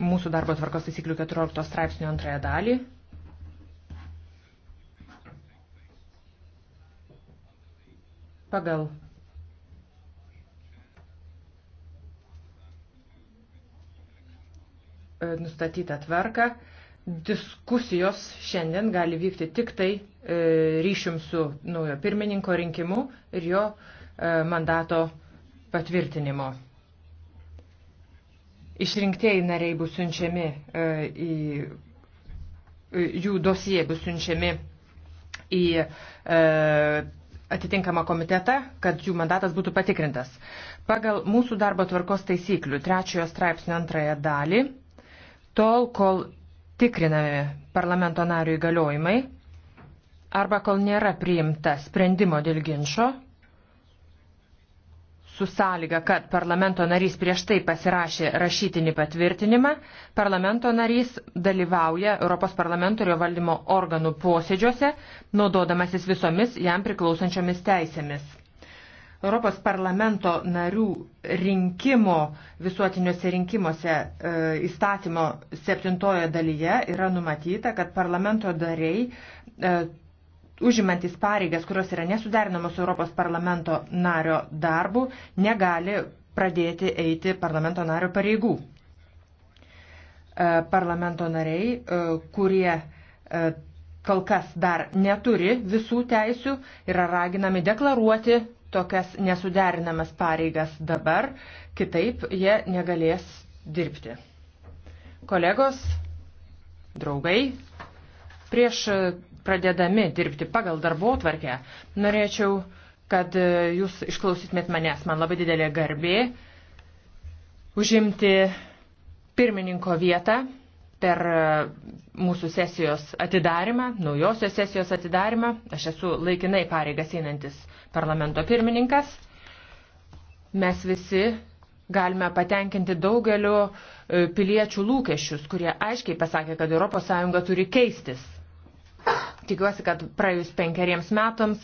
mūsų darbo tvarkos taisyklių 14 straipsnio antrąją dalį. Pagal e, nustatytą tvarką diskusijos šiandien gali vykti tik tai e, ryšium su naujo pirmininko rinkimu ir jo e, mandato patvirtinimo. Išrinktieji nariai bus siunčiami e, į, e, jų dosijai bus siunčiami į e, atitinkamą komitetą, kad jų mandatas būtų patikrintas. Pagal mūsų darbo tvarkos taisyklių trečiojo straipsnio antrąją dalį, tol kol tikrinami parlamento narių įgaliojimai arba kol nėra priimta sprendimo dėl ginčio, su sąlyga, kad parlamento narys prieš tai pasirašė rašytinį patvirtinimą, parlamento narys dalyvauja Europos parlamento ir jo valdymo organų posėdžiuose, naudodamasis visomis jam priklausančiomis teisėmis. Europos parlamento narių rinkimo visuotiniuose rinkimuose e, įstatymo septintojo dalyje yra numatyta, kad parlamento dariai e, užimantis pareigas, kurios yra nesuderinamos su Europos parlamento nario darbu, negali pradėti eiti parlamento nario pareigų. E, parlamento nariai, e, kurie e, kol kas dar neturi visų teisių, yra raginami deklaruoti tokias nesuderinamas pareigas dabar, kitaip jie negalės dirbti. Kolegos, draugai, prieš pradedami dirbti pagal darbo tvarkę, norėčiau, kad e, jūs išklausytumėt manęs. Man labai didelė garbė užimti pirmininko vietą per e, mūsų sesijos atidarimą, naujosios sesijos atidarimą. Aš esu laikinai pareigas einantis parlamento pirmininkas. Mes visi galime patenkinti daugeliu e, piliečių lūkesčius, kurie aiškiai pasakė, kad ES turi keistis. Tikiuosi, kad praėjus penkeriems metams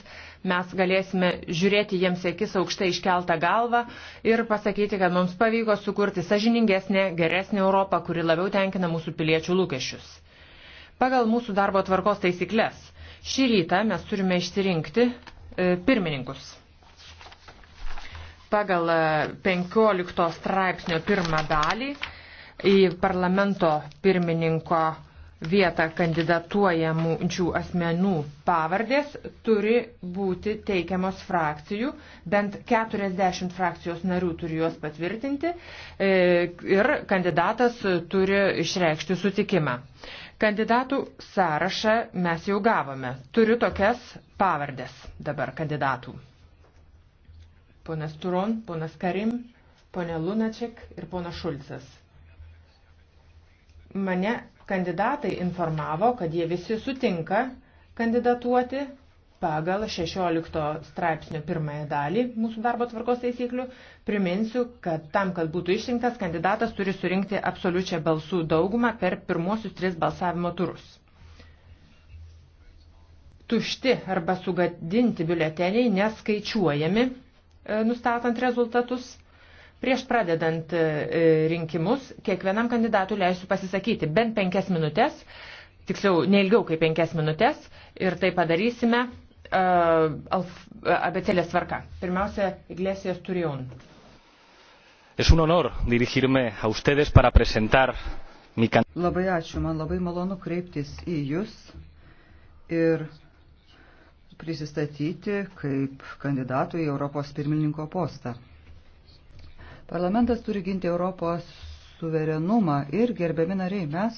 mes galėsime žiūrėti jiems akis aukštai iškeltą galvą ir pasakyti, kad mums pavyko sukurti sažiningesnę, geresnę Europą, kuri labiau tenkina mūsų piliečių lūkesčius. Pagal mūsų darbo tvarkos taisyklės šį rytą mes turime išsirinkti e, pirmininkus. Pagal 15 e, straipsnio pirmą dalį į parlamento pirmininko vietą kandidatuojamų asmenų pavardės turi būti teikiamos frakcijų, bent 40 frakcijos narių turi juos patvirtinti e, ir kandidatas turi išreikšti sutikimą. Kandidatų sąrašą mes jau gavome. Turiu tokias pavardės dabar kandidatų. Ponas Turon, ponas Karim, ponė Lunaček ir ponas Šulcas. Mane Kandidatai informavo, kad jie visi sutinka kandidatuoti pagal 16 straipsnio pirmąją dalį mūsų darbo tvarkos taisyklių. Priminsiu, kad tam, kad būtų išrinktas, kandidatas turi surinkti absoliučią balsų daugumą per pirmuosius tris balsavimo turus. Tušti arba sugadinti biuleteniai neskaičiuojami, e, nustatant rezultatus. Prieš pradedant e, e, rinkimus, kiekvienam kandidatui leisiu pasisakyti bent penkias minutės, tiksliau, neilgiau kaip penkias minutės, ir tai padarysime uh, e, abecelės tvarka. Pirmiausia, Iglesias Turion. Es un honor dirigirme a ustedes para presentar mi candidatūrą. Labai ačiū, man labai malonu kreiptis į Jūs ir prisistatyti kaip kandidatų į Europos pirmininko postą. Parlamentas turi ginti Europos suverenumą ir, gerbiami nariai, mes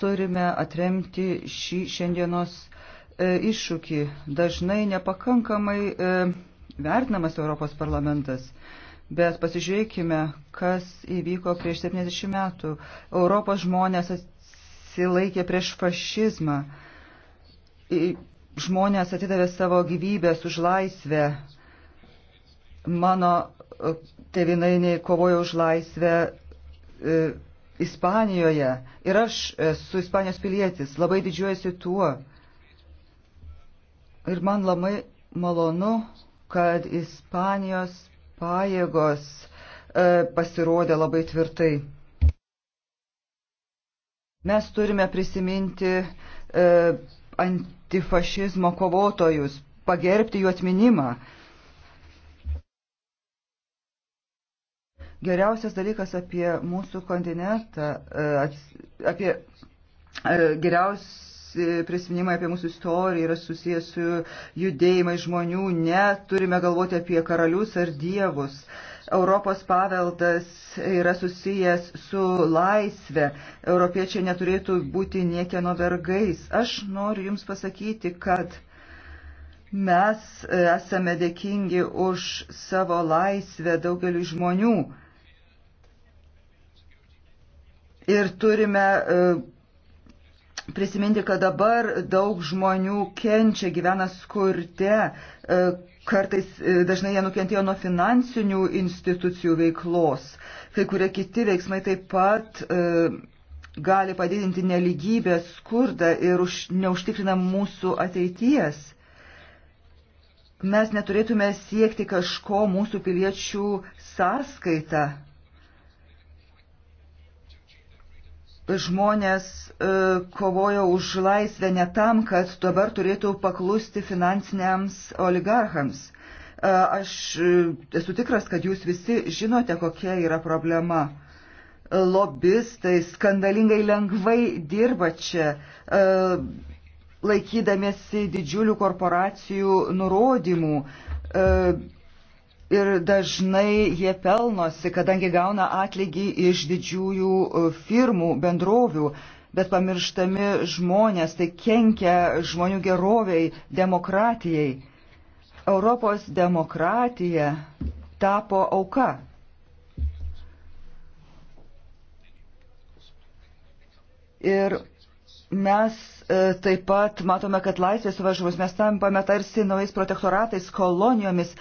turime atremti šį šiandienos e, iššūkį. Dažnai nepakankamai e, vertinamas Europos parlamentas. Bet pasižiūrėkime, kas įvyko prieš 70 metų. Europos žmonės atsilaikė prieš fašizmą. Žmonės atidavė savo gyvybės už laisvę. Mano tevinainiai tai kovoja už laisvę e, Ispanijoje. Ir aš esu Ispanijos pilietis, labai didžiuojasi tuo. Ir man labai malonu, kad Ispanijos pajėgos e, pasirodė labai tvirtai. Mes turime prisiminti e, antifašizmo kovotojus, pagerbti jų atminimą. E, Geriausias dalykas apie mūsų kontinentą, e, apie e, geriausi prisiminimai apie mūsų istoriją yra susijęs su judėjimai žmonių, neturime galvoti apie karalius ar dievus. Europos paveldas yra susijęs su laisvė. Europiečiai neturėtų būti niekieno vergais. Aš noriu Jums pasakyti, kad mes e, esame dėkingi už savo laisvę daugeliu žmonių. Ir turime e, prisiminti, kad dabar daug žmonių kenčia, gyvena skurte, e, kartais e, dažnai jie nukentėjo nuo finansinių institucijų veiklos. Kai kurie kiti veiksmai taip pat gali padidinti neligybę, skurdą ir už, neužtikrina mūsų ateities. Mes neturėtume siekti kažko mūsų piliečių sąskaitą žmonės e, kovojo už laisvę ne tam, kad dabar turėtų paklusti finansiniams oligarchams. E, aš e, esu tikras, kad jūs visi žinote, kokia yra problema. Lobistai skandalingai lengvai dirba čia, laikydamėsi didžiulių korporacijų nurodymų ir dažnai jie pelnosi, kadangi gauna atlygį iš didžiųjų e, firmų, bendrovių, bet pamirštami žmonės, tai kenkia žmonių geroviai, demokratijai. Europos demokratija tapo auka. Ir Mes e, taip pat matome, kad laisvės suvaržymus mes tampame tarsi naujais protektoratais, kolonijomis,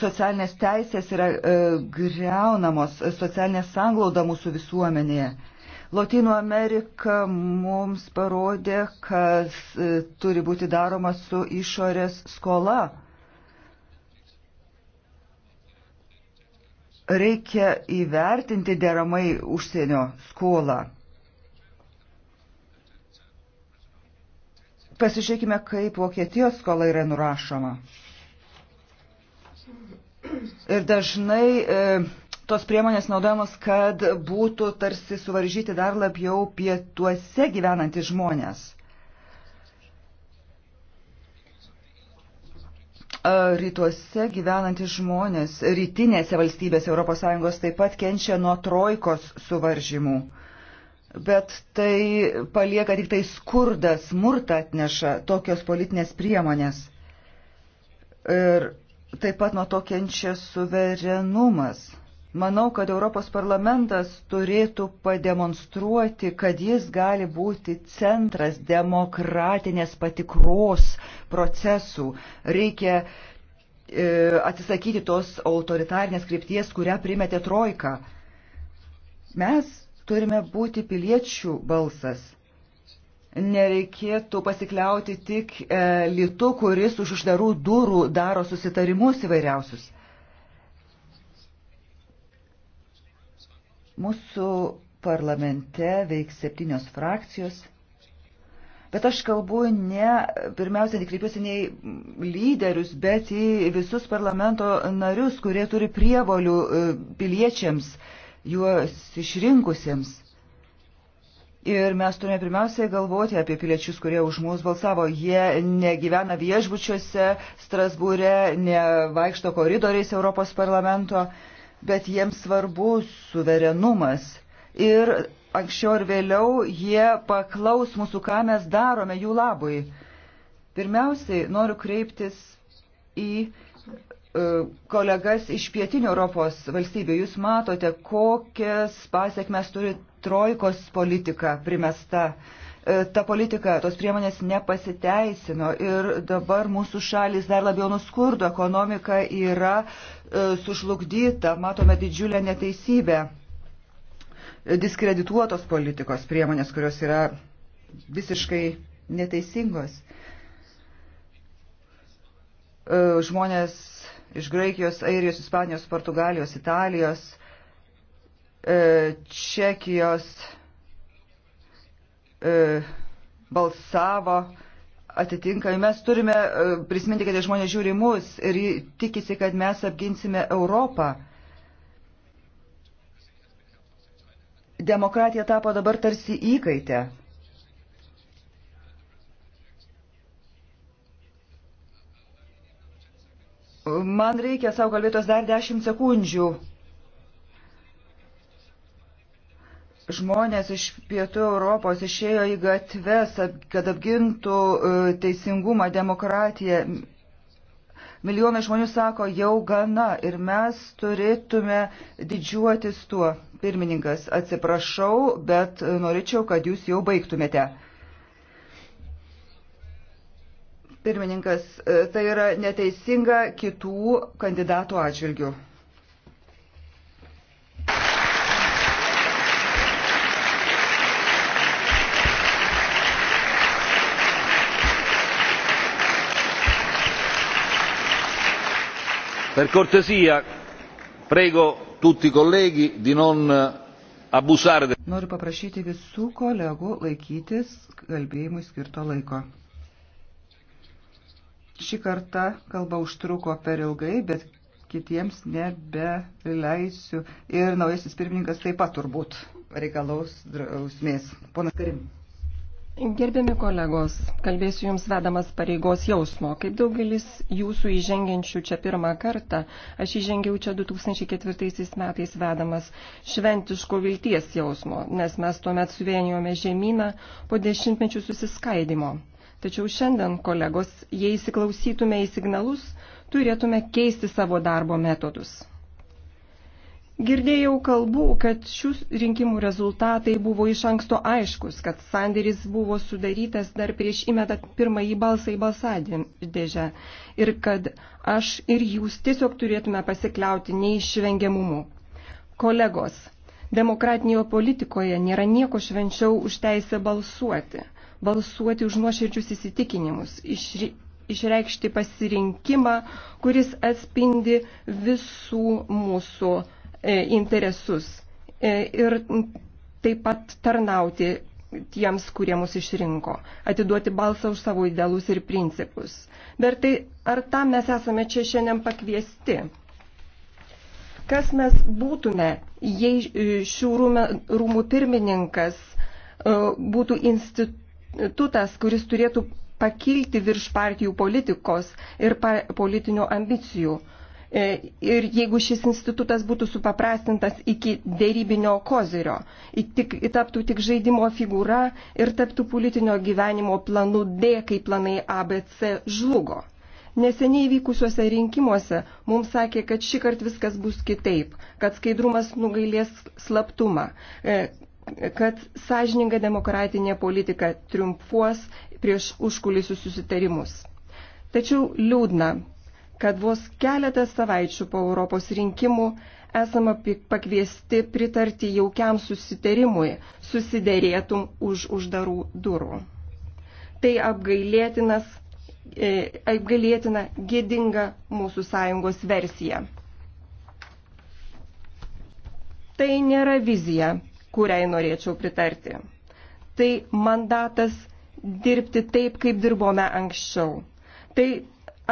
socialinės teisės yra e, greunamos, socialinė sanglauda mūsų visuomenėje. Latino Amerika mums parodė, kas e, turi būti daroma su išorės skola. Reikia įvertinti deramai užsienio skolą Pasižiūrėkime, kaip Vokietijos skola yra nurašoma. Ir dažnai e, tos priemonės naudojamos, kad būtų tarsi suvaržyti dar labiau pietuose gyvenantys žmonės. E, rytuose gyvenantys žmonės, rytinėse valstybėse ES taip pat kenčia nuo trojkos suvaržymų bet tai palieka tik tai skurdą, smurtą atneša tokios politinės priemonės. Ir taip pat nuo to kenčia suverenumas. Manau, kad Europos parlamentas turėtų pademonstruoti, kad jis gali būti centras demokratinės patikros procesų. Reikia e, atsisakyti tos autoritarnės krypties, kurią primetė Trojka. Mes turime būti piliečių balsas. Nereikėtų pasikliauti tik e, litu, kuris už uždarų durų daro susitarimus įvairiausius. Mūsų parlamente veiks septynios frakcijos. Bet aš kalbu ne, pirmiausia, nekreipiuosi ne į lyderius, bet į visus parlamento narius, kurie turi prievolių e, piliečiams juos išrinkusiems. Ir mes turime pirmiausiai galvoti apie piliečius, kurie už mus balsavo. Jie negyvena viešbučiuose, Strasbūre, nevaikšto koridoriais Europos parlamento, bet jiems svarbu suverenumas. Ir anksčiau ir vėliau jie paklaus mūsų, ką mes darome jų labui. Pirmiausiai noriu kreiptis į E, kolegas iš pietinių Europos valstybių. Jūs matote, kokias pasiekmes turi trojkos politika primesta. E, ta politika, tos priemonės nepasiteisino ir dabar mūsų šalis dar labiau nuskurdo, ekonomika yra e, sužlugdyta, matome didžiulę neteisybę. Diskredituotos politikos priemonės, kurios yra visiškai neteisingos. Žmonės iš Graikijos, Airijos, Ispanijos, Portugalijos, Italijos, e, Čekijos e, balsavo atitinkamai. Mes turime e, prisiminti, kad žmonės žiūri mus ir tikisi, kad mes apginsime Europą. Demokratija tapo dabar tarsi įkaitę. Man reikia savo kalbėtos dar 10 sekundžių. Žmonės iš pietų Europos išėjo į gatves, kad apgintų e, teisingumą, demokratiją. Milijonai žmonių sako, jau gana ir mes turėtume didžiuotis tuo. Pirmininkas, atsiprašau, bet norėčiau, kad jūs jau baigtumėte. Pirmininkas, e, tai yra neteisinga kitų kandidatų atžvilgių. per cortesia prego tutti i colleghi di non eh, abusare. noriu paprašyti visų kolegų laikytis kalbėjimui skirto laiko. Šį kartą kalba užtruko per ilgai, bet kitiems nebeleisiu. Ir naujasis pirmininkas taip pat turbūt reikalaus drausmės. Ponas Karim. Gerbiami kolegos, kalbėsiu Jums vedamas pareigos jausmo. Kaip daugelis Jūsų įžengiančių čia pirmą kartą, aš įžengiau čia 2004 metais vedamas šventiško vilties jausmo, nes mes tuomet suvienijome žemyną po dešimtmečių susiskaidimo. Tačiau šiandien, kolegos, jei įsiklausytume į signalus, turėtume keisti savo darbo metodus. Girdėjau kalbų, kad šių rinkimų rezultatai buvo iš anksto aiškus, kad sandėris buvo sudarytas dar prieš įmetant pirmąjį balsą į balsadėžę ir kad aš ir jūs tiesiog turėtume pasikliauti neišvengiamumu. Kolegos, demokratinėje politikoje nėra nieko švenčiau už teisę balsuoti balsuoti už nuoširdžius įsitikinimus, išri, išreikšti pasirinkimą, kuris atspindi visų mūsų e, interesus e, ir taip pat tarnauti tiems, kurie mus išrinko, atiduoti balsą už savo idealus ir principus. Bet tai ar tam mes esame čia šiandien pakviesti? Kas mes būtume, jei e, šių rūmų pirmininkas e, būtų institucijų? statutas, kuris turėtų pakilti virš partijų politikos ir pa politinių ambicijų. E, ir jeigu šis institutas būtų supaprastintas iki dėrybinio kozirio, tik, taptų tik žaidimo figūra ir taptų politinio gyvenimo planu D, kai planai ABC žlugo. Neseniai vykusiuose rinkimuose mums sakė, kad šį kartą viskas bus kitaip, kad skaidrumas nugailės slaptumą, e, kad sąžininga demokratinė politika triumfuos prieš užkulisių susitarimus. Tačiau liūdna, kad vos keletą savaičių po Europos rinkimų esame pakviesti pritarti jaukiam susitarimui, susiderėtum už uždarų durų. Tai apgailėtinas, e, apgailėtina gėdinga mūsų sąjungos versija. Tai nėra vizija, kuriai norėčiau pritarti. Tai mandatas dirbti taip, kaip dirbome anksčiau. Tai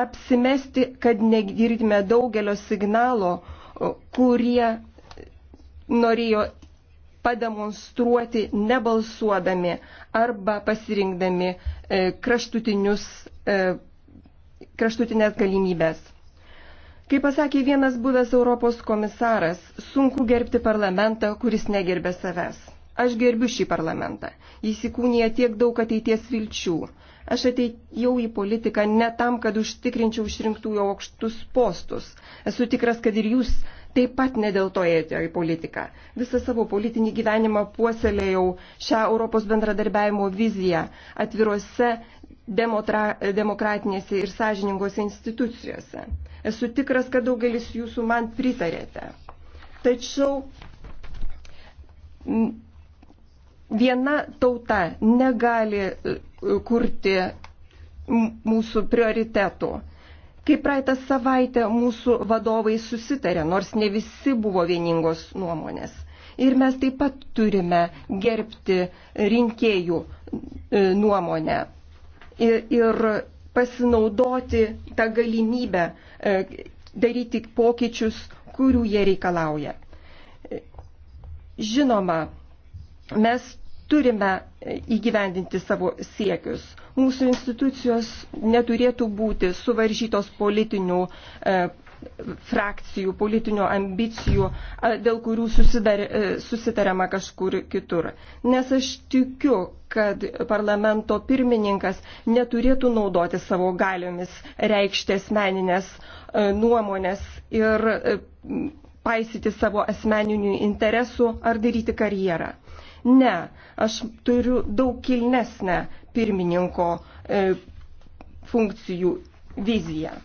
apsimesti, kad negirdime daugelio signalo, kurie norėjo pademonstruoti nebalsuodami arba pasirinkdami e, kraštutinius, e, kraštutinės galimybės. Kaip pasakė vienas buvęs Europos komisaras, sunku gerbti parlamentą, kuris negerbė savęs. Aš gerbiu šį parlamentą. Jis įkūnija tiek daug ateities vilčių. Aš ateičiau į politiką ne tam, kad užtikrinčiau išrinktųjų aukštus postus. Esu tikras, kad ir jūs taip pat ne dėl to ėjote į politiką. Visą savo politinį gyvenimą puoselėjau šią Europos bendradarbiavimo viziją atvirose demokratinėse ir sąžiningose institucijose. Esu tikras, kad daugelis jūsų man pritarėte. Tačiau viena tauta negali e, kurti mūsų prioritetų. Kaip praeitą savaitę mūsų vadovai susitarė, nors ne visi buvo vieningos nuomonės. Ir mes taip pat turime gerbti rinkėjų e, nuomonę. Ir, ir pasinaudoti tą galimybę e, daryti pokyčius, kurių jie reikalauja. Žinoma, mes turime įgyvendinti savo siekius. Mūsų institucijos neturėtų būti suvaržytos politinių e, frakcijų, politinių ambicijų, dėl kurių e, susitariama kažkur kitur. Nes aš tikiu, kad parlamento pirmininkas neturėtų naudoti savo galiomis reikšti asmeninės e, nuomonės ir e, paisyti savo asmeninių interesų ar daryti karjerą. Ne, aš turiu daug kilnesnę pirmininko funkcijų viziją.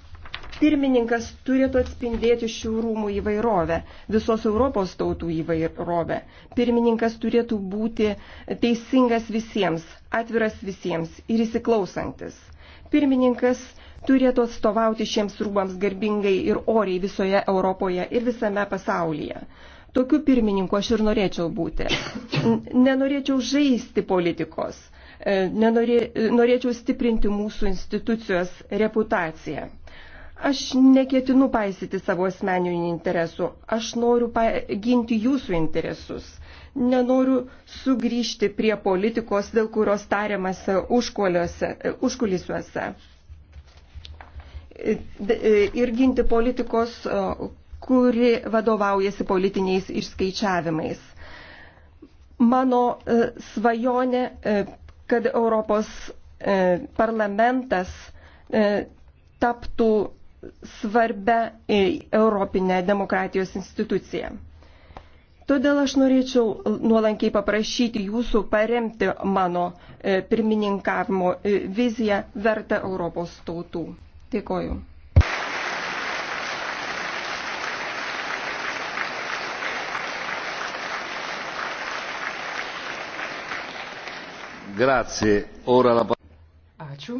Pirmininkas turėtų atspindėti šių rūmų įvairovę, visos Europos tautų įvairovę. Pirmininkas turėtų būti teisingas visiems, atviras visiems ir įsiklausantis. Pirmininkas turėtų atstovauti šiems rūmams garbingai ir oriai visoje Europoje ir visame pasaulyje. Tokiu pirmininku aš ir norėčiau būti. Nenorėčiau žaisti politikos, e, nenorė, norėčiau stiprinti mūsų institucijos reputaciją. Aš neketinu paisyti savo asmeninių interesų, aš noriu ginti jūsų interesus. Nenoriu sugrįžti prie politikos, dėl kurios tariamasi užkulisiuose. E, ir ginti politikos, e, kuri vadovaujasi politiniais išskaičiavimais. Mano e, svajonė, kad Europos parlamentas taptų svarbę Europinę demokratijos instituciją. Todėl aš norėčiau nuolankiai paprašyti jūsų paremti mano e, pirmininkavimo e, viziją vertą Europos tautų. Dėkoju. Grazie. Ora la... Ačiū.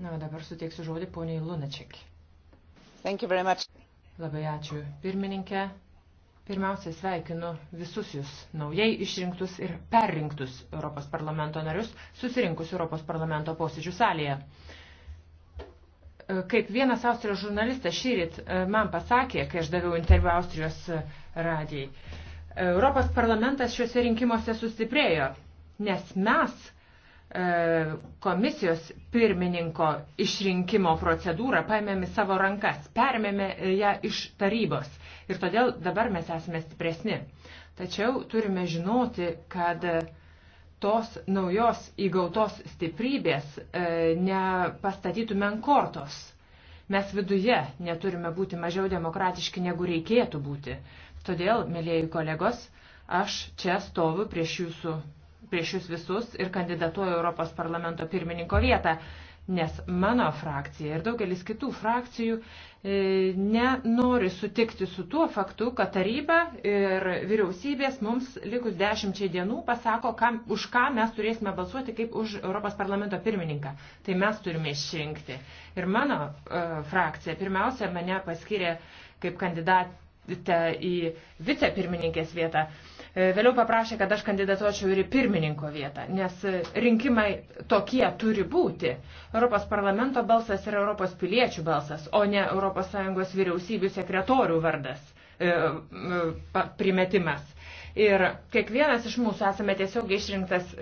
Na, dabar suteiksiu žodį poniai Lunačekį. Labai ačiū, pirmininkė. Pirmiausia, sveikinu visus jūs, naujai išrinktus ir perrinktus Europos parlamento narius, susirinkus Europos parlamento posėdžių salėje. Kaip vienas Austrijos žurnalistas šyrit e, man pasakė, kai aš daviau interviu Austrijos e, radijai, Europos parlamentas šiuose rinkimuose sustiprėjo, nes mes E, komisijos pirmininko išrinkimo procedūrą paėmėme savo rankas, permėme ją iš tarybos ir todėl dabar mes esame stipresni. Tačiau turime žinoti, kad tos naujos įgautos stiprybės e, nepastatytume ant kortos. Mes viduje neturime būti mažiau demokratiški, negu reikėtų būti. Todėl, mėlyjeji kolegos, aš čia stoviu prieš jūsų prieš jūs visus ir kandidatuoju Europos parlamento pirmininko vietą, nes mano frakcija ir daugelis kitų frakcijų e, nenori sutikti su tuo faktu, kad taryba ir vyriausybės mums likus dešimčiai dienų pasako, kam, už ką mes turėsime balsuoti kaip už Europos parlamento pirmininką. Tai mes turime išrinkti. Ir mano uh, frakcija pirmiausia mane paskyrė kaip kandidatę į vicepirmininkės vietą. Uh, E, vėliau paprašė, kad aš kandidatuočiau ir į pirmininko vietą, nes e, rinkimai tokie turi būti. Europos parlamento balsas yra Europos piliečių balsas, o ne ES vyriausybių sekretorių vardas, e, primetimas. Ir kiekvienas iš mūsų esame tiesiog išrinktas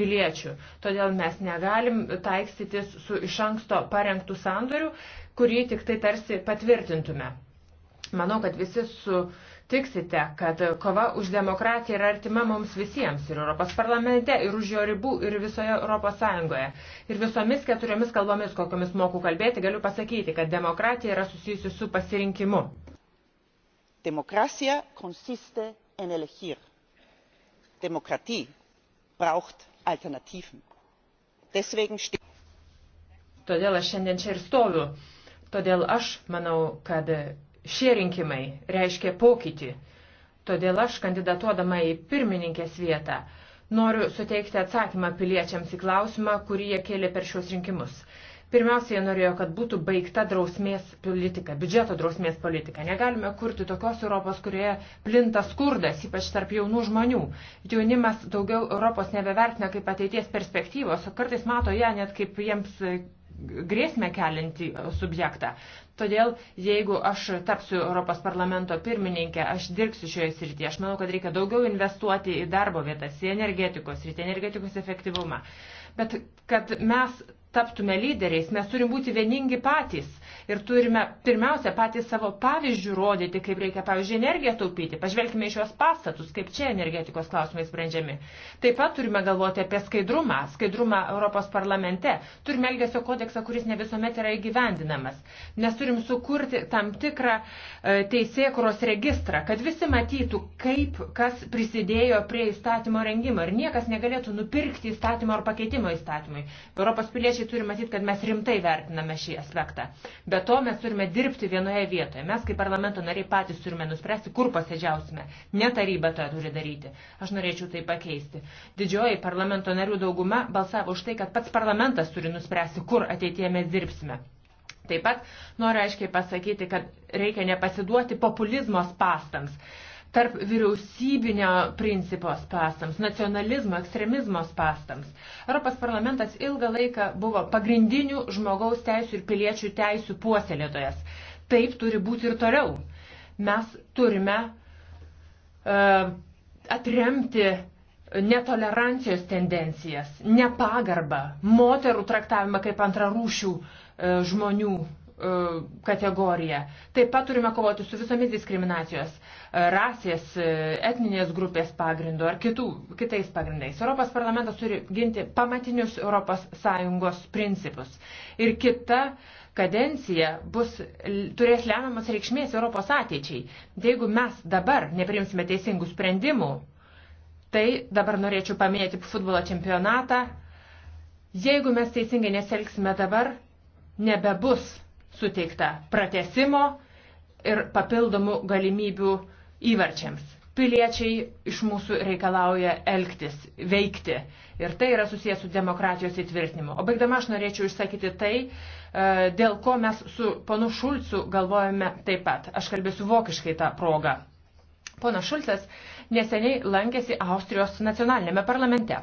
piliečių, todėl mes negalim taikstytis su iš anksto parengtų sandorių, kurį tik tai tarsi patvirtintume. Manau, kad visi su uh, tiksite, kad kova už demokratiją yra artima mums visiems ir Europos parlamente, ir už jo ribų, ir visoje Europos Sąjungoje. Ir visomis keturiomis kalbomis, kokiamis moku kalbėti, galiu pasakyti, kad demokratija yra susijusi su pasirinkimu. Demokratija konsiste en elegir. Demokratie braucht Alternativen. Deswegen Todėl aš šiandien čia ir stoviu. Todėl aš manau, kad Šie rinkimai reiškia pokytį. Todėl aš, kandidatuodama į pirmininkės vietą, noriu suteikti atsakymą piliečiams į klausimą, kurį jie kėlė per šios rinkimus. Pirmiausia, jie norėjo, kad būtų baigta drausmės politika, biudžeto drausmės politika. Negalime kurti tokios Europos, kurioje plinta skurdas, ypač tarp jaunų žmonių. Jaunimas daugiau Europos nebevertina kaip ateities perspektyvos, o kartais mato ją net kaip jiems grėsmę kelinti subjektą. Todėl, jeigu aš tapsiu Europos parlamento pirmininkė, aš dirbsiu šioje srityje. Aš manau, kad reikia daugiau investuoti į darbo vietas, į energetikos sritį, energetikos efektyvumą. Bet kad mes taptume lyderiais, mes turim būti vieningi patys ir turime pirmiausia patys savo pavyzdžių rodyti, kaip reikia, pavyzdžiui, energiją taupyti. Pažvelkime iš juos pastatus, kaip čia energetikos klausimai sprendžiami. Taip pat turime galvoti apie skaidrumą, skaidrumą Europos parlamente. Turime elgesio kodeksą, kuris ne visuomet yra įgyvendinamas. Nes turim sukurti tam tikrą e, teisėkuros registrą, kad visi matytų, kaip kas prisidėjo prie įstatymo rengimo ir niekas negalėtų nupirkti įstatymo ar pakeitimo įstatymui. Europos piliečiai piliečiai turi matyti, kad mes rimtai vertiname šį aspektą. Be to mes turime dirbti vienoje vietoje. Mes kaip parlamento nariai patys turime nuspręsti, kur posėdžiausime. Ne taryba tą turi daryti. Aš norėčiau tai pakeisti. Didžioji parlamento narių dauguma balsavo už tai, kad pats parlamentas turi nuspręsti, kur ateitie mes dirbsime. Taip pat noriu aiškiai pasakyti, kad reikia nepasiduoti populizmo pastams tarp vyriausybinio principo spastams, nacionalizmo, ekstremizmo spastams. Europos parlamentas ilgą laiką buvo pagrindinių žmogaus teisų ir piliečių teisų puoselėtojas. Taip turi būti ir toliau. Mes turime uh, atremti netolerancijos tendencijas, nepagarbą, moterų traktavimą kaip antrarūšių uh, žmonių E, kategoriją. Taip pat turime kovoti su visomis diskriminacijos, e, rasės, e, etninės grupės pagrindu ar kitų, kitais pagrindais. Europos parlamentas turi ginti pamatinius ES principus. Ir kita kadencija bus, turės lemiamas reikšmės Europos ateičiai. Jeigu mes dabar neprimsime teisingų sprendimų, tai dabar norėčiau paminėti futbolo čempionatą. Jeigu mes teisingai nesielgsime dabar, nebebus suteikta pratesimo ir papildomų galimybių įvarčiams. Piliečiai iš mūsų reikalauja elgtis, veikti. Ir tai yra susijęs su demokratijos įtvirtinimu. O baigdama aš norėčiau išsakyti tai, e, dėl ko mes su ponu Šulcu galvojame taip pat. Aš kalbėsiu vokiškai tą progą. Pona Šulcas neseniai lankėsi Austrijos nacionalinėme parlamente.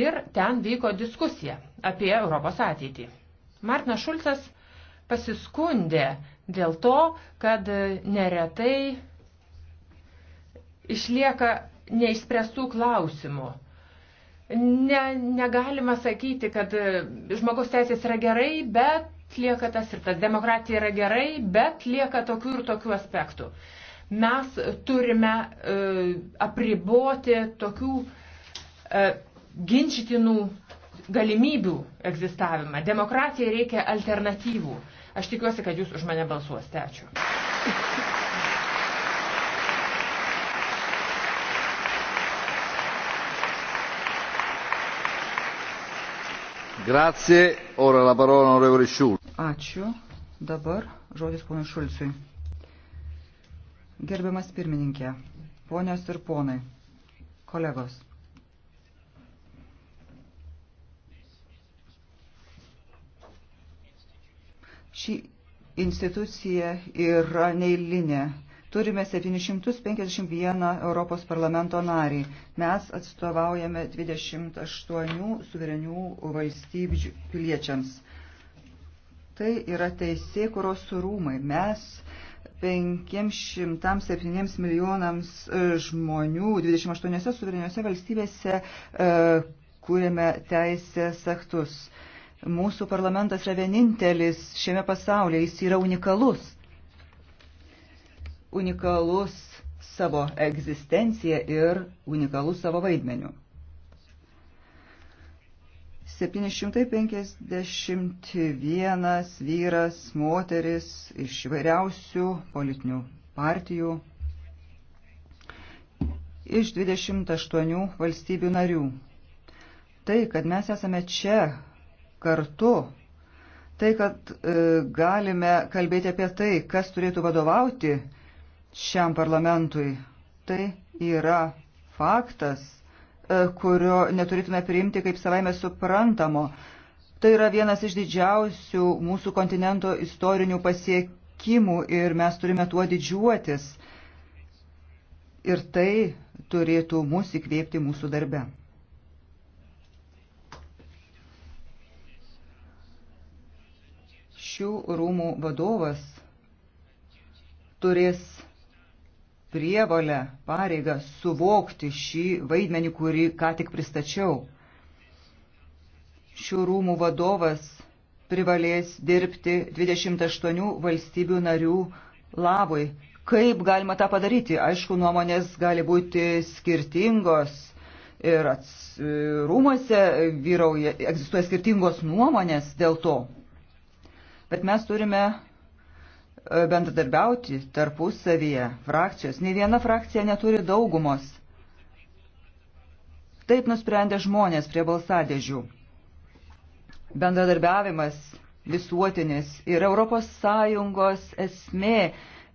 Ir ten vyko diskusija apie Europos ateitį. Martinas Šulcas pasiskundė dėl to, kad neretai išlieka neišspręstų klausimų. Ne, negalima sakyti, kad žmogaus teisės yra gerai, bet lieka tas ir tas. Demokratija yra gerai, bet lieka tokių ir tokių aspektų. Mes turime e, apriboti tokių e, ginčytinų galimybių egzistavimą. Demokratijai reikia alternatyvų. Aš tikiuosi, kad jūs už mane balsuosite. Ačiū. Grazie. Ora la parola onorevole Schulz. Ačiū. Dabar žodis ponui Šulcui. Gerbiamas pirmininkė, ponios ir ponai, kolegos. Ši institucija yra neįlinė. Turime 751 Europos parlamento narį. Mes atstovaujame 28 suverenių valstybių piliečiams. Tai yra teisė, kuros rūmai. Mes 507 milijonams e, žmonių 28 suvereniuose valstybėse e, kūrėme teisės aktus. Mūsų parlamentas yra vienintelis šiame pasaulyje, jis yra unikalus. Unikalus savo egzistenciją ir unikalus savo vaidmeniu. 751 vyras, moteris iš įvairiausių politinių partijų, iš 28 valstybių narių. Tai, kad mes esame čia kartu. Tai, kad e, galime kalbėti apie tai, kas turėtų vadovauti šiam parlamentui, tai yra faktas, e, kurio neturėtume priimti kaip savaime suprantamo. Tai yra vienas iš didžiausių mūsų kontinento istorinių pasiekimų ir mes turime tuo didžiuotis. Ir tai turėtų mus įkvėpti mūsų darbe. šių rūmų vadovas turės prievalę, pareigą suvokti šį vaidmenį, kurį ką tik pristačiau. Šių rūmų vadovas privalės dirbti 28 valstybių narių labui. Kaip galima tą padaryti? Aišku, nuomonės gali būti skirtingos ir ats, e, rūmose vyrauja, egzistuoja skirtingos nuomonės dėl to. Bet mes turime e, bendradarbiauti tarpusavyje frakcijos. Ne viena frakcija neturi daugumos. Taip nusprendė žmonės prie balsadėžių. Bendradarbiavimas visuotinis ir Europos Sąjungos esmė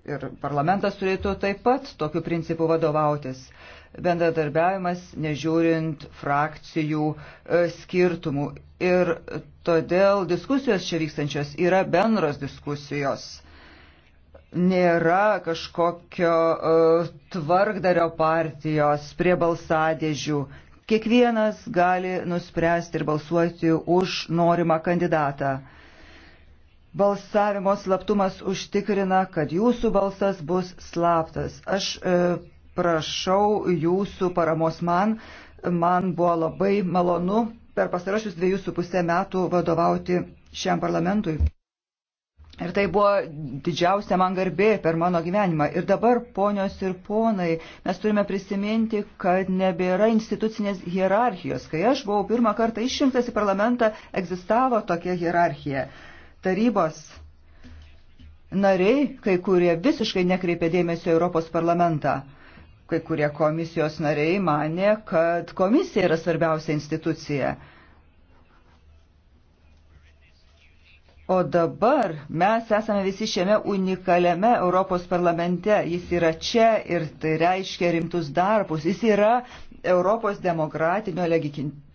ir parlamentas turėtų taip pat tokiu principu vadovautis. Bendradarbiavimas nežiūrint frakcijų e, skirtumų ir Todėl diskusijos čia vykstančios yra bendros diskusijos. Nėra kažkokio uh, tvarkdario partijos prie balsadėžių. Kiekvienas gali nuspręsti ir balsuoti už norimą kandidatą. Balsavimo slaptumas užtikrina, kad jūsų balsas bus slaptas. Aš e, prašau jūsų paramos man. Man buvo labai malonu per pastarosius dviejus su pusę metų vadovauti šiam parlamentui. Ir tai buvo didžiausia man garbė per mano gyvenimą. Ir dabar, ponios ir ponai, mes turime prisiminti, kad nebėra institucinės hierarchijos. Kai aš buvau pirmą kartą išrinktas į parlamentą, egzistavo tokia hierarchija. Tarybos nariai, kai kurie visiškai nekreipė dėmesio Europos parlamentą kai kurie komisijos nariai mane, kad komisija yra svarbiausia institucija. O dabar mes esame visi šiame unikaliame Europos parlamente. Jis yra čia ir tai reiškia rimtus darbus. Jis yra Europos demokratinio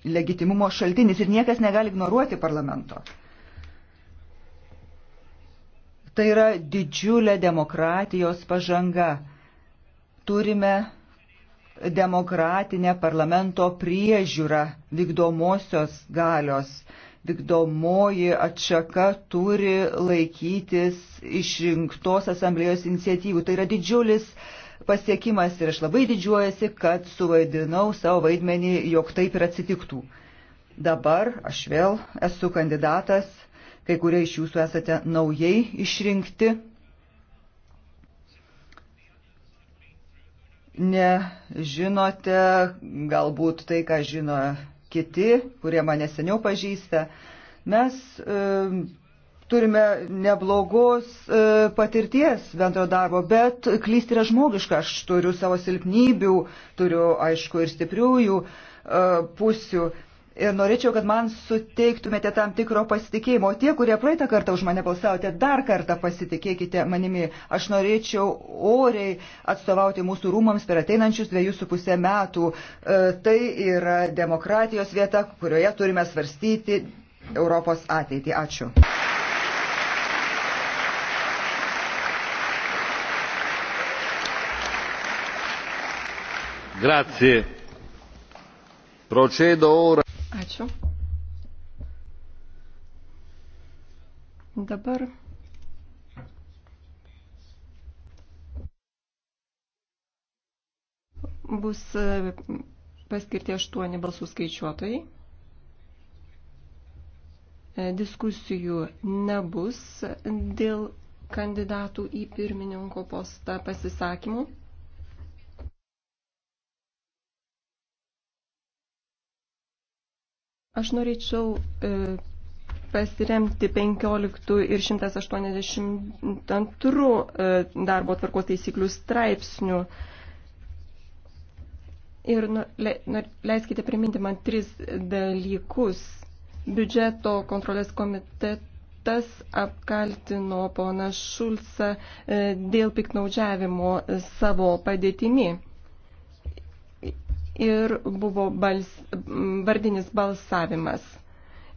legitimumo šaltinis ir niekas negali ignoruoti parlamento. Tai yra didžiulė demokratijos pažanga turime demokratinę parlamento priežiūrą vykdomosios galios. Vykdomoji atšaka turi laikytis išrinktos asamblėjos iniciatyvų. Tai yra didžiulis pasiekimas ir aš labai didžiuojasi, kad suvaidinau savo vaidmenį, jog taip ir atsitiktų. Dabar aš vėl esu kandidatas, kai kurie iš jūsų esate naujai išrinkti nežinote, galbūt tai, ką žino kiti, kurie mane seniau pažįsta. Mes e, turime neblogos e, patirties bendro darbo, bet klysti yra žmogiška. Aš turiu savo silpnybių, turiu, aišku, ir stipriųjų e, pusių. E, Ir norėčiau, kad man suteiktumėte tam tikro pasitikėjimo. O tie, kurie praeitą kartą už mane balsavote, dar kartą pasitikėkite manimi. Aš norėčiau oriai atstovauti mūsų rūmams per ateinančius dviejus su pusę metų. E, tai yra demokratijos vieta, kurioje turime svarstyti Europos ateitį. Ačiū. Grazie. Procedo ora. Ačiū. Dabar bus paskirti aštuoni balsų skaičiuotojai. Diskusijų nebus dėl kandidatų į pirmininko postą pasisakymų. Aš norėčiau e, pasiremti 15 ir 182 e, darbo tvarkos taisyklių straipsnių. Ir nu, le, nu, leiskite priminti man tris dalykus. Biudžeto kontrolės komitetas apkaltino poną Šulcą e, dėl piknaudžiavimo savo padėtimi ir buvo bals, vardinis balsavimas.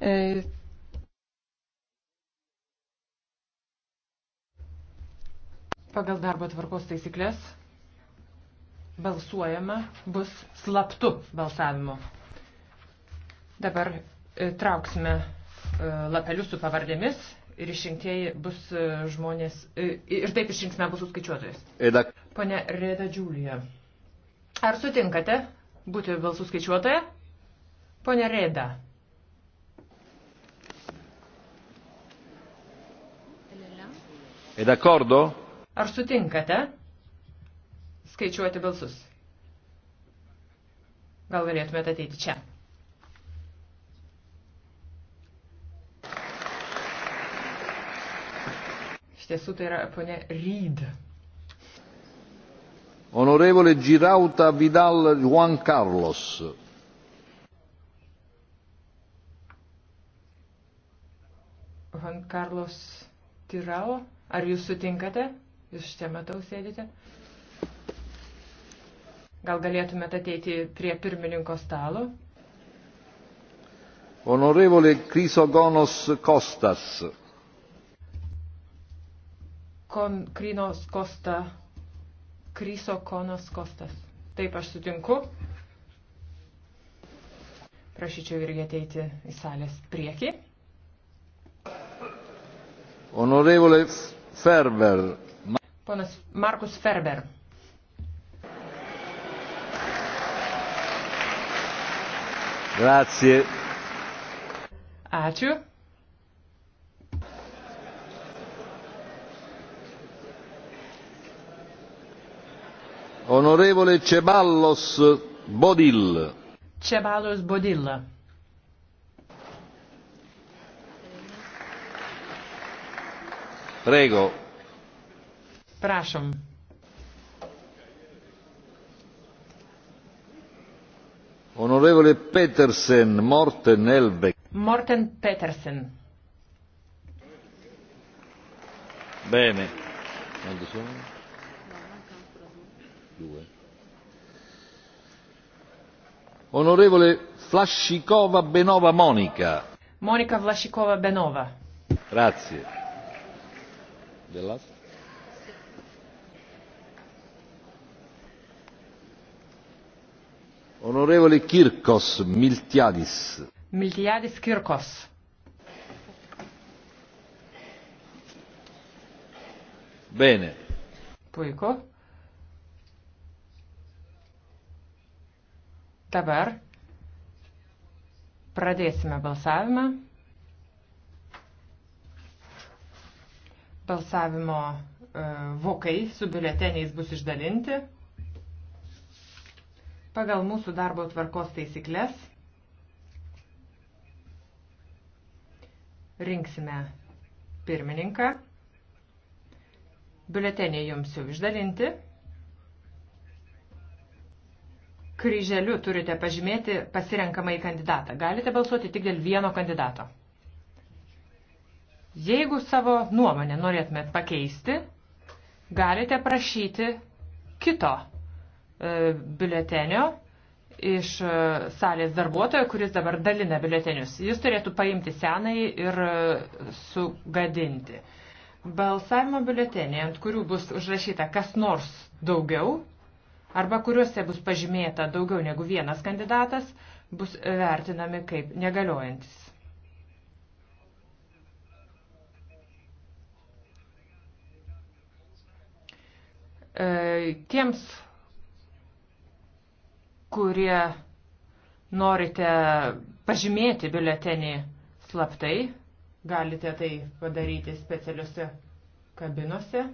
E, Pagal darbo tvarkos taisyklės balsuojama bus slaptu balsavimu. Dabar e, trauksime e, lapelius su pavardėmis ir išrinktieji bus žmonės, ir taip išrinksime bus skaičiuotojas. Pone Reda Džiulija, ar sutinkate, būti balsų skaičiuotoje? Pone Reda. E d'accordo? Ar sutinkate skaičiuoti balsus? Gal galėtumėte ateiti čia? Iš tiesų tai yra ponė Reid onorevole Girauta Vidal Juan Carlos. Juan Carlos Tirao, ar jūs sutinkate? Jūs čia matau sėdite. Gal galėtumėte ateiti prie pirmininko stalo? Onorevole Crisogonos Kostas. Kon Krinos Kosta Kryso Konas Kostas. Taip, aš sutinku. Prašyčiau irgi ateiti į salės priekį. Honorevole Ferber. Ponas Markus Ferber. Grazie. Ačiū. Onorevole Ceballos Bodil. Ceballos Bodil. Prego. Prašom. Onorevole Petersen, Morten Elbeck. Morten Petersen. Bene. Quando sono? onorevole flascicova benova monica monica flascicova benova grazie onorevole kirkos miltiadis miltiadis kirkos bene puiku Dabar pradėsime balsavimą. Balsavimo e, vokai su biuleteniais bus išdalinti. Pagal mūsų darbo tvarkos taisyklės rinksime pirmininką. Biuleteniai jums jau išdalinti. kryželiu turite pažymėti pasirenkamai kandidatą. Galite balsuoti tik dėl vieno kandidato. Jeigu savo nuomonę norėtumėt pakeisti, galite prašyti kito e, biuletenio iš e, salės darbuotojo, kuris dabar dalina biuletenius. Jis turėtų paimti senąjį ir e, sugadinti. Balsavimo biuleteniai, ant kurių bus užrašyta kas nors daugiau, arba kuriuose bus pažymėta daugiau negu vienas kandidatas, bus vertinami kaip negaliojantis. E, tiems, kurie norite pažymėti biuletenį slaptai, galite tai padaryti specialiuose kabinose.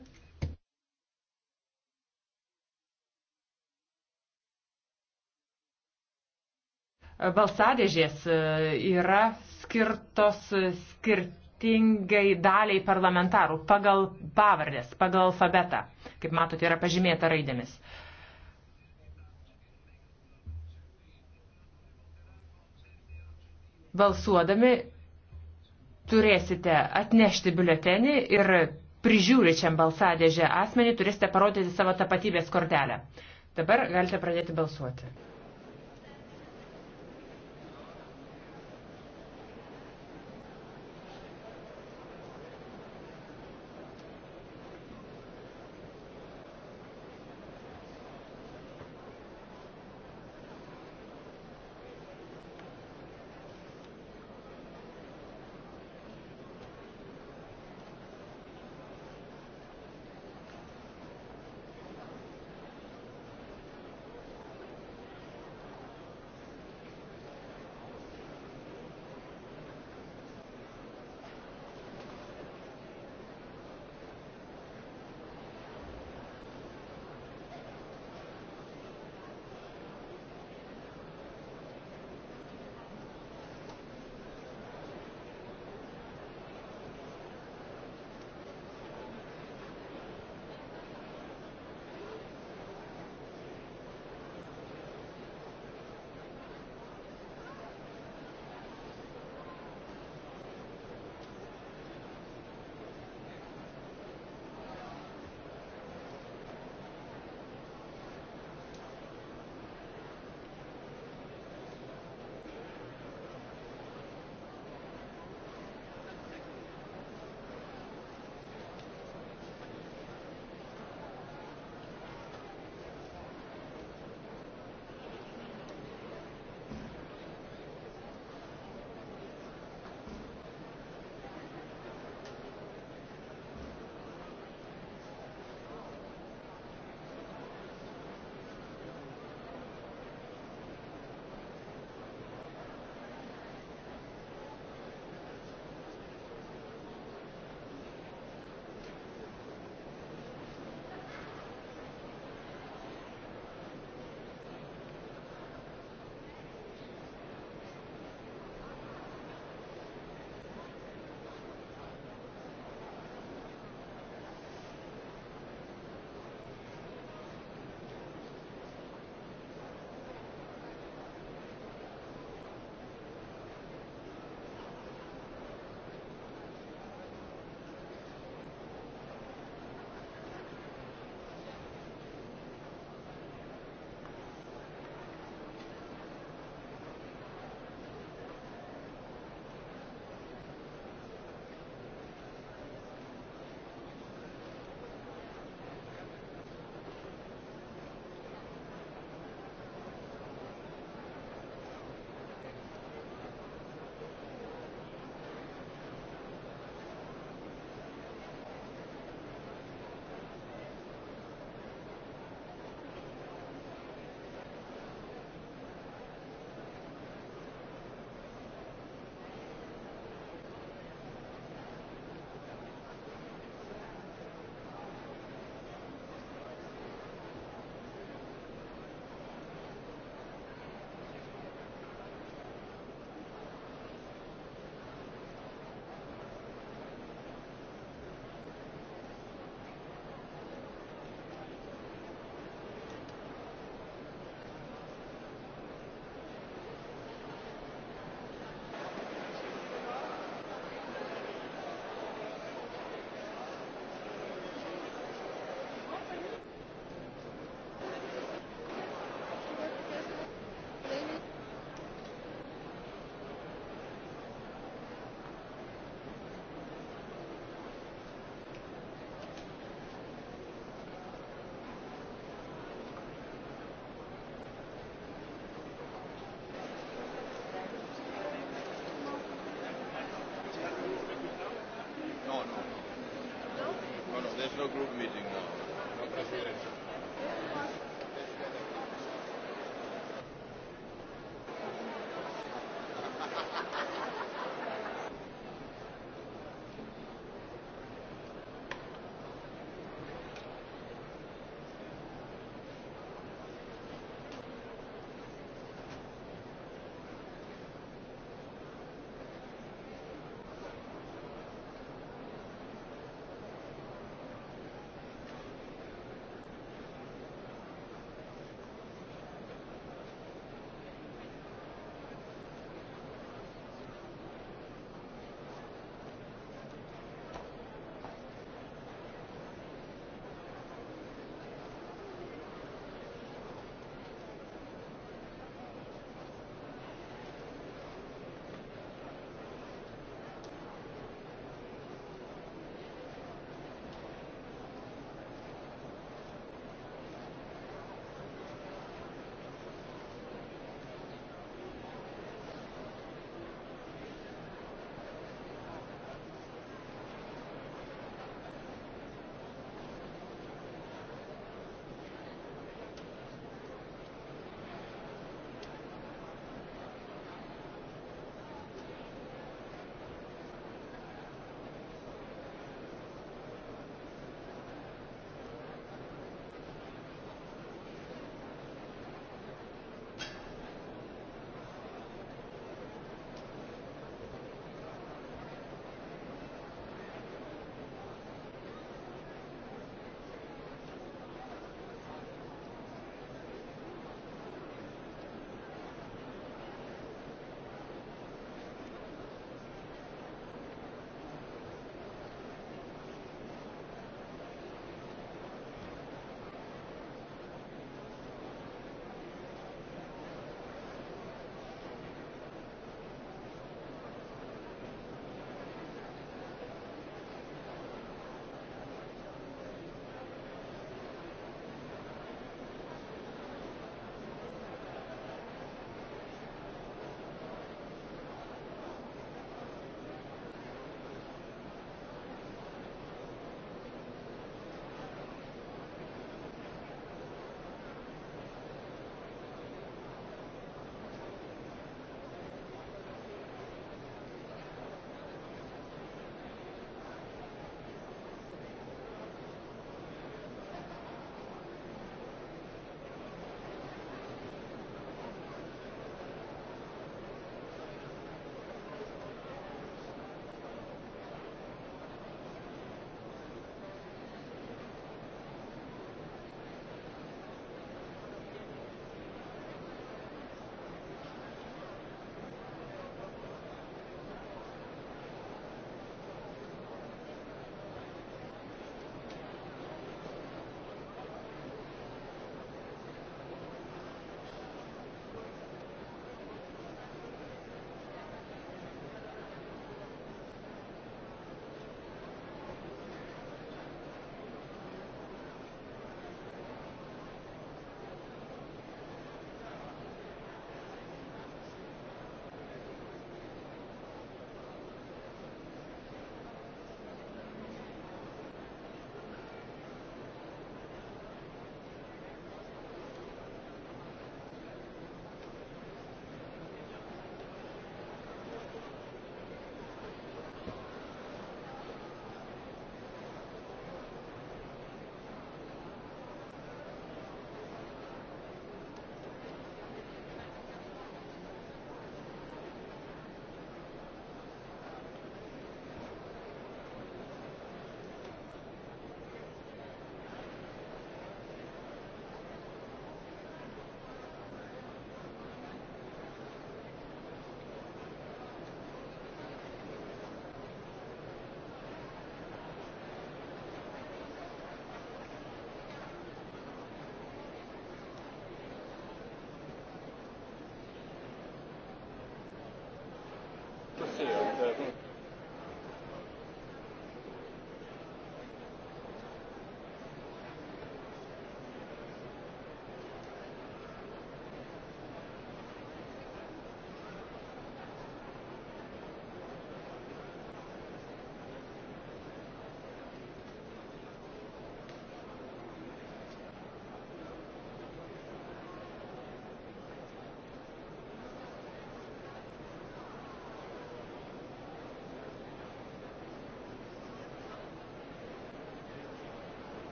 balsadėžės e, yra skirtos skirtingai daliai parlamentarų pagal pavardės, pagal alfabetą. Kaip matote, yra pažymėta raidėmis. Balsuodami turėsite atnešti biuletenį ir prižiūričiam balsadėžę asmenį turėsite parodyti savo tapatybės kortelę. Dabar galite pradėti balsuoti.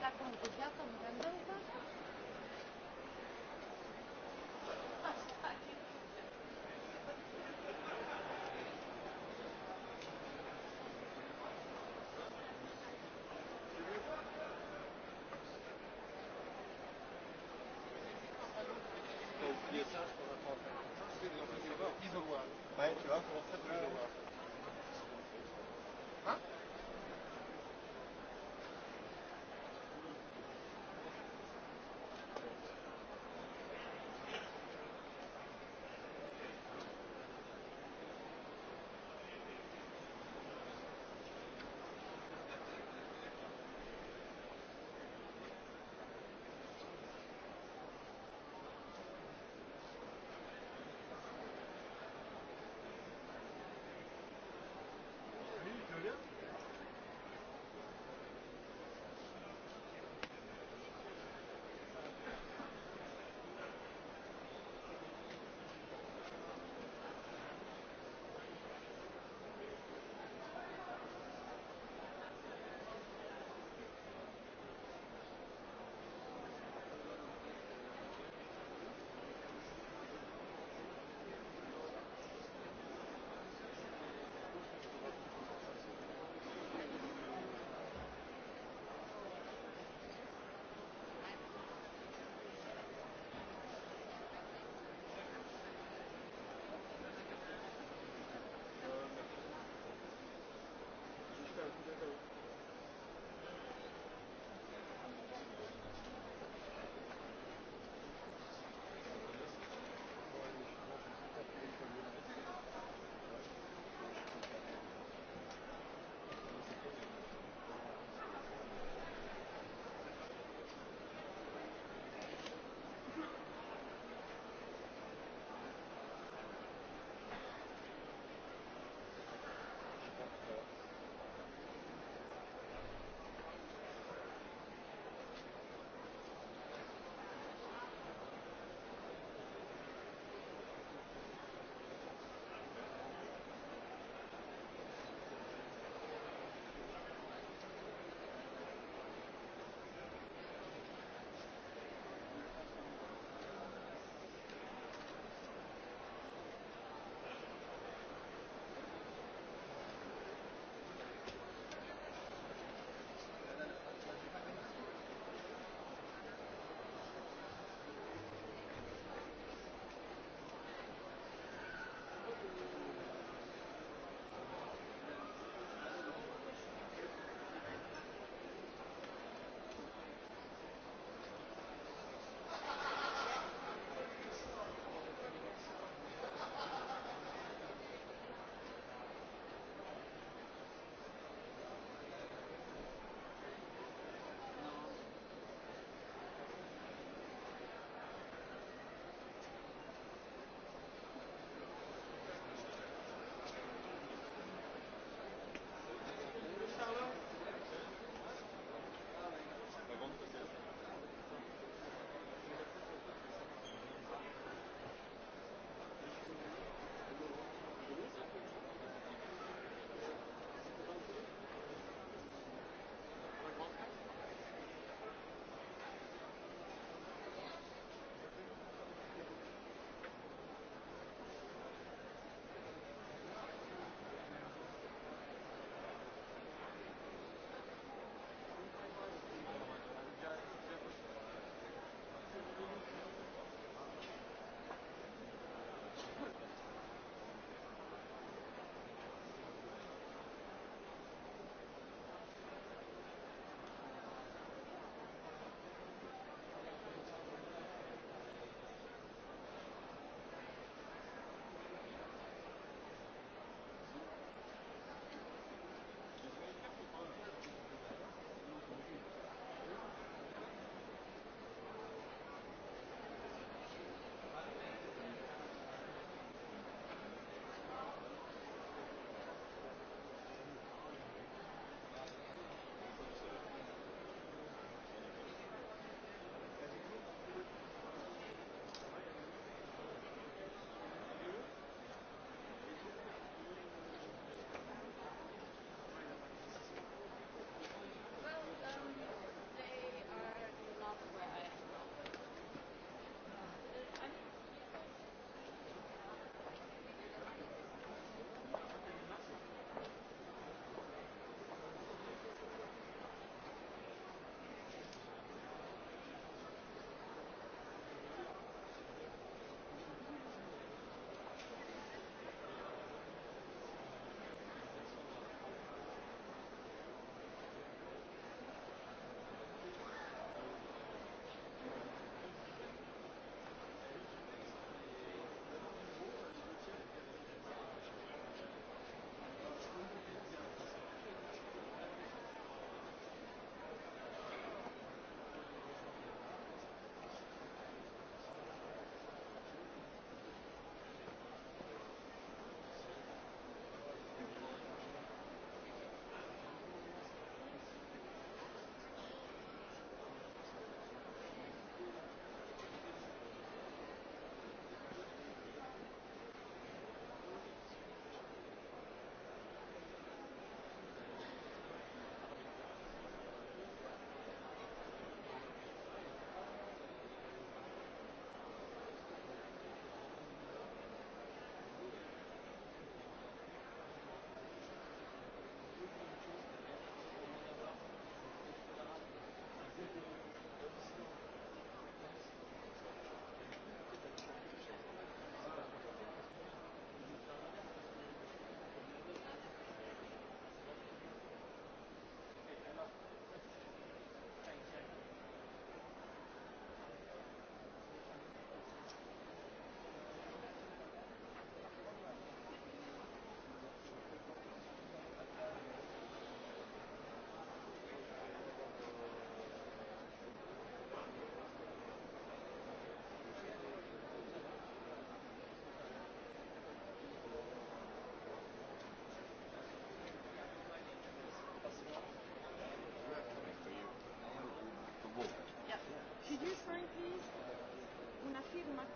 la comodidad con grande Ouais, tu vois, pour ça, tu vas le voir. Hein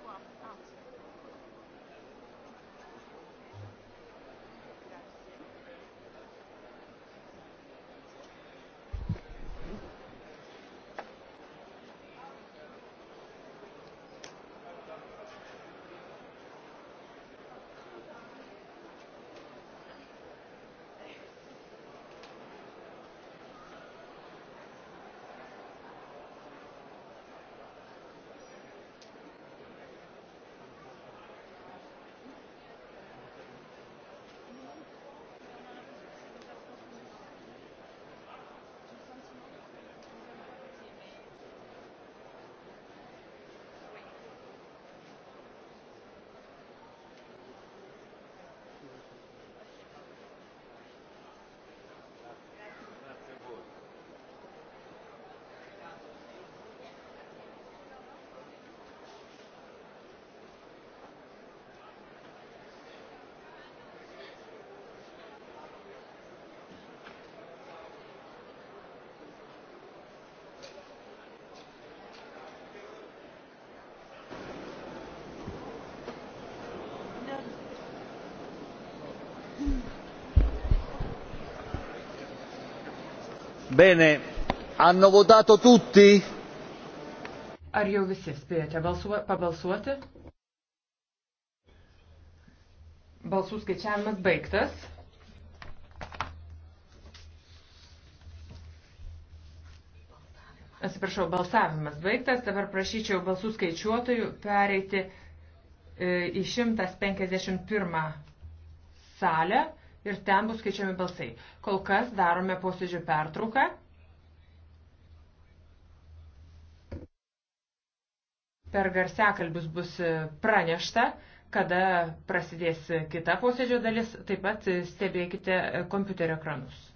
matuam Bene, hanno votato tutti? Ar jau visi spėjote balsuo, pabalsuoti? Balsų skaičiavimas baigtas. Atsiprašau, balsavimas baigtas. Dabar prašyčiau balsų skaičiuotojų pereiti e, į 151 salę ir ten bus skaičiami balsai. Kol kas darome posėdžių pertrauką. Per garsiakalbius bus pranešta, kada prasidės kita posėdžio dalis. Taip pat stebėkite kompiuterio ekranus.